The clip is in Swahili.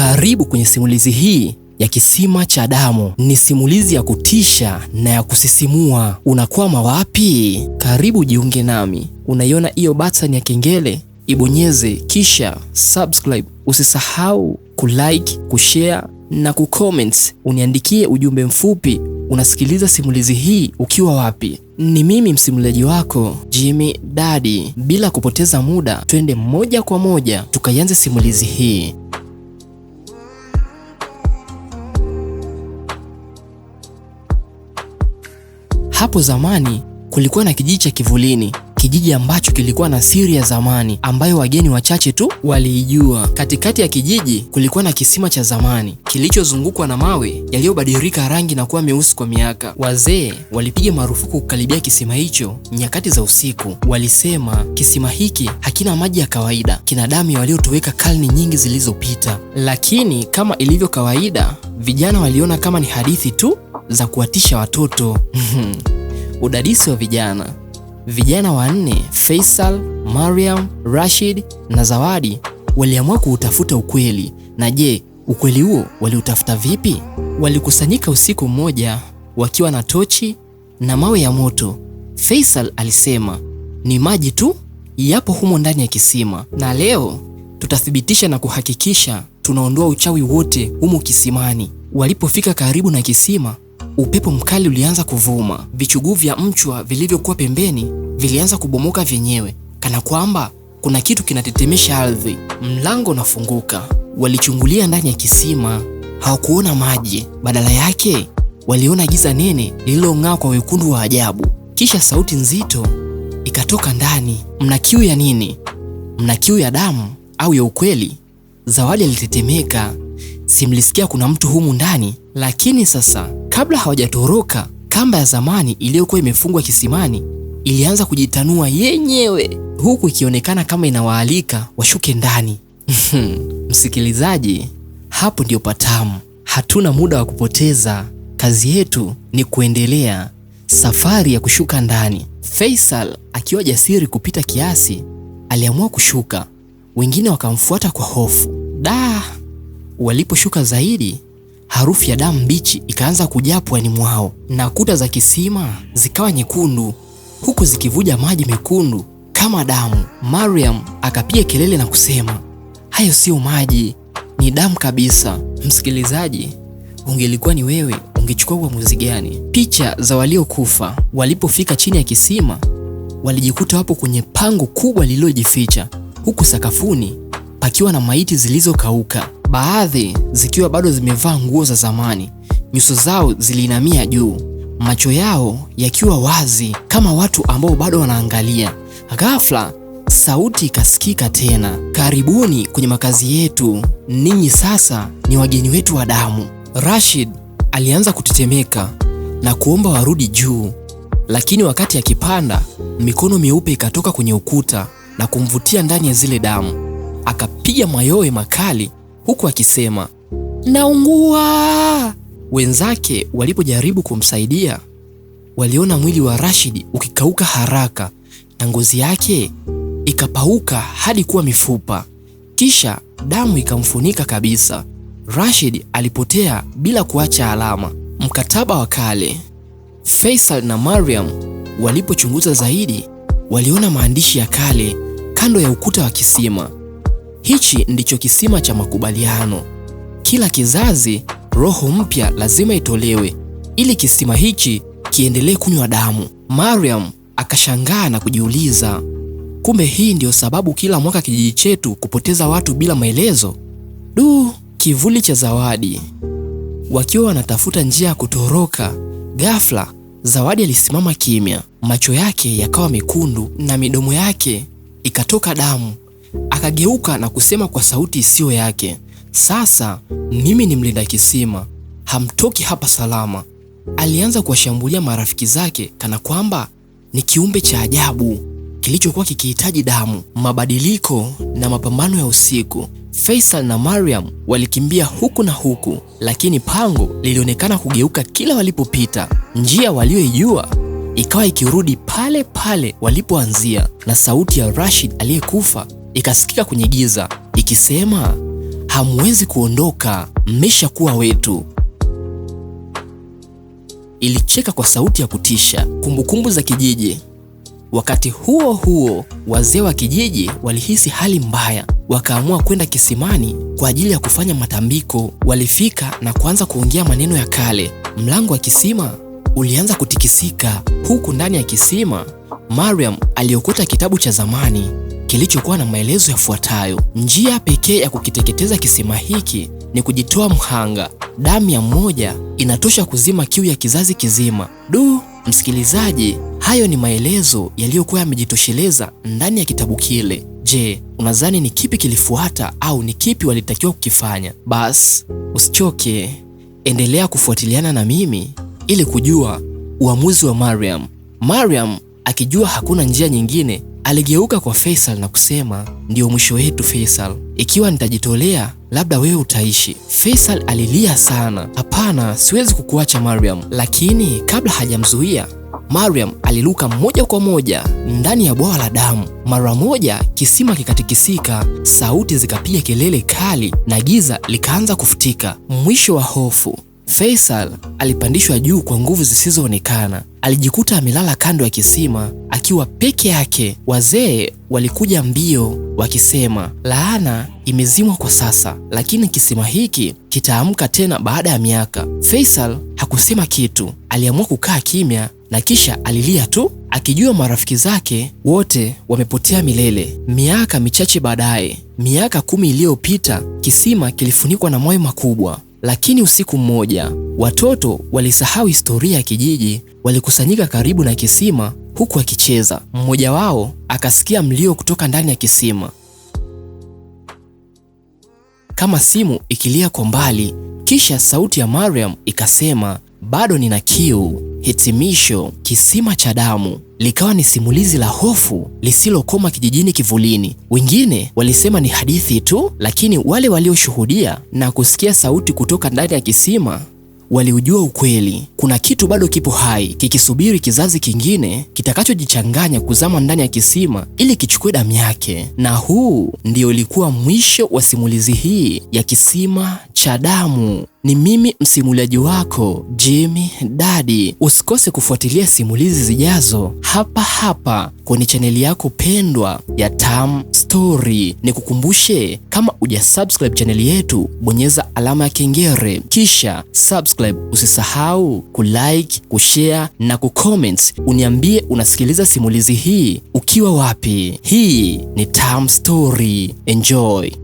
Karibu kwenye simulizi hii ya Kisima cha Damu. Ni simulizi ya kutisha na ya kusisimua. Unakwama wapi? Karibu jiunge nami. Unaiona hiyo button ya kengele? Ibonyeze kisha subscribe. Usisahau kulike, kushare na kucomment. Uniandikie ujumbe mfupi, unasikiliza simulizi hii ukiwa wapi? Ni mimi msimuliaji wako Jimmy Daddy. Bila kupoteza muda, twende moja kwa moja tukaianze simulizi hii. Hapo zamani kulikuwa na kijiji cha Kivulini, kijiji ambacho kilikuwa na siri ya zamani ambayo wageni wachache tu waliijua. Katikati ya kijiji kulikuwa na kisima cha zamani kilichozungukwa na mawe yaliyobadilika rangi na kuwa meusi kwa miaka. Wazee walipiga marufuku kukaribia kisima hicho nyakati za usiku. Walisema kisima hiki hakina maji ya kawaida, kina damu ya waliotoweka karne nyingi zilizopita. Lakini kama ilivyo kawaida, vijana waliona kama ni hadithi tu za kuwatisha watoto udadisi wa vijana. Vijana wanne Faisal, Mariam, Rashid na Zawadi waliamua kuutafuta ukweli. Na je, ukweli huo waliutafuta vipi? Walikusanyika usiku mmoja wakiwa na tochi na mawe ya moto. Faisal alisema, ni maji tu yapo humo ndani ya kisima, na leo tutathibitisha na kuhakikisha tunaondoa uchawi wote humo kisimani. Walipofika karibu na kisima Upepo mkali ulianza kuvuma, vichuguu vya mchwa vilivyokuwa pembeni vilianza kubomoka vyenyewe, kana kwamba kuna kitu kinatetemesha ardhi. Mlango unafunguka, walichungulia ndani ya kisima. Hawakuona maji, badala yake waliona giza nene lililong'aa kwa wekundu wa ajabu. Kisha sauti nzito ikatoka ndani, mna kiu ya nini? Mna kiu ya damu au ya ukweli? Zawadi alitetemeka simlisikia kuna mtu humu ndani. Lakini sasa kabla hawajatoroka, kamba ya zamani iliyokuwa imefungwa kisimani ilianza kujitanua yenyewe, huku ikionekana kama inawaalika washuke ndani. Msikilizaji, hapo ndio patamu. Hatuna muda wa kupoteza, kazi yetu ni kuendelea safari ya kushuka ndani. Faisal akiwa jasiri kupita kiasi, aliamua kushuka, wengine wakamfuata kwa hofu. Da! Waliposhuka zaidi, harufu ya damu mbichi ikaanza kujaa pwani mwao, na kuta za kisima zikawa nyekundu, huku zikivuja maji mekundu kama damu. Mariam akapiga kelele na kusema, hayo sio maji, ni damu kabisa. Msikilizaji, ungelikuwa ni wewe, ungechukua uamuzi gani? Picha za waliokufa walipofika chini ya kisima walijikuta wapo kwenye pango kubwa lililojificha, huku sakafuni pakiwa na maiti zilizokauka baadhi zikiwa bado zimevaa nguo za zamani, nyuso zao ziliinamia juu, macho yao yakiwa wazi kama watu ambao bado wanaangalia. Ghafla sauti ikasikika tena, karibuni kwenye makazi yetu, ninyi sasa ni wageni wetu wa damu. Rashid alianza kutetemeka na kuomba warudi juu, lakini wakati akipanda, mikono meupe ikatoka kwenye ukuta na kumvutia ndani ya zile damu. Akapiga mayowe makali huku akisema naungua. Wenzake walipojaribu kumsaidia, waliona mwili wa Rashid ukikauka haraka na ngozi yake ikapauka hadi kuwa mifupa, kisha damu ikamfunika kabisa. Rashid alipotea bila kuacha alama. Mkataba wa kale. Faisal na Mariam walipochunguza zaidi, waliona maandishi ya kale kando ya ukuta wa kisima. Hichi ndicho kisima cha makubaliano. Kila kizazi roho mpya lazima itolewe ili kisima hichi kiendelee kunywa damu. Mariam akashangaa na kujiuliza, kumbe hii ndiyo sababu kila mwaka kijiji chetu kupoteza watu bila maelezo. Du, kivuli cha Zawadi. Wakiwa wanatafuta njia ya kutoroka, ghafla Zawadi alisimama kimya, macho yake yakawa mekundu na midomo yake ikatoka damu Akageuka na kusema kwa sauti isiyo yake, sasa mimi ni mlinda kisima, hamtoki hapa salama. Alianza kuwashambulia marafiki zake kana kwamba ni kiumbe cha ajabu kilichokuwa kikihitaji damu, mabadiliko na mapambano ya usiku. Faisal na Mariam walikimbia huku na huku, lakini pango lilionekana kugeuka kila walipopita. Njia walioijua ikawa ikirudi pale pale walipoanzia, na sauti ya Rashid aliyekufa ikasikika kwenye giza ikisema, hamwezi kuondoka, mmeshakuwa wetu. Ilicheka kwa sauti ya kutisha, kumbukumbu za kijiji. Wakati huo huo, wazee wa kijiji walihisi hali mbaya, wakaamua kwenda kisimani kwa ajili ya kufanya matambiko. Walifika na kuanza kuongea maneno ya kale. Mlango wa kisima ulianza kutikisika, huku ndani ya kisima Mariam aliokota kitabu cha zamani kilichokuwa na maelezo yafuatayo: njia pekee ya kukiteketeza kisima hiki ni kujitoa mhanga. Damu ya mmoja inatosha kuzima kiu ya kizazi kizima. Du, msikilizaji, hayo ni maelezo yaliyokuwa yamejitosheleza ndani ya kitabu kile. Je, unadhani ni kipi kilifuata au ni kipi walitakiwa kukifanya? Basi usichoke, endelea kufuatiliana na mimi ili kujua uamuzi wa Mariam. Mariam akijua hakuna njia nyingine Aligeuka kwa Faisal na kusema, ndiyo mwisho wetu Faisal, ikiwa nitajitolea labda wewe utaishi. Faisal alilia sana, hapana, siwezi kukuacha Mariam. Lakini kabla hajamzuia Mariam aliruka moja kwa moja ndani ya bwawa la damu. Mara moja kisima kikatikisika, sauti zikapiga kelele kali na giza likaanza kufutika. Mwisho wa hofu Faisal alipandishwa juu kwa nguvu zisizoonekana. Alijikuta amelala kando ya kisima akiwa peke yake. Wazee walikuja mbio wakisema, laana imezimwa kwa sasa, lakini kisima hiki kitaamka tena baada ya miaka. Faisal hakusema kitu, aliamua kukaa kimya na kisha alilia tu, akijua marafiki zake wote wamepotea milele. Miaka michache baadaye, miaka kumi iliyopita, kisima kilifunikwa na mawe makubwa. Lakini usiku mmoja watoto walisahau historia ya kijiji. Walikusanyika karibu na kisima huku wakicheza. Mmoja wao akasikia mlio kutoka ndani ya kisima kama simu ikilia kwa mbali, kisha sauti ya Mariam ikasema, bado nina kiu. Hitimisho: kisima cha damu likawa ni simulizi la hofu lisilokoma kijijini Kivulini. Wengine walisema ni hadithi tu, lakini wale walioshuhudia na kusikia sauti kutoka ndani ya kisima waliujua ukweli. Kuna kitu bado kipo hai kikisubiri kizazi kingine kitakachojichanganya kuzama ndani ya kisima ili kichukue damu yake. Na huu ndio ulikuwa mwisho wa simulizi hii ya Kisima cha Damu. Ni mimi msimuliaji wako Jimmy Dadi. Usikose kufuatilia simulizi zijazo hapa hapa kwenye chaneli yako pendwa ya Tam Story. Nikukumbushe, kama uja subscribe chaneli yetu, bonyeza alama ya kengele kisha subscribe. Usisahau kulike, kushare na kucomment. Uniambie unasikiliza simulizi hii ukiwa wapi. Hii ni Tam Story, enjoy.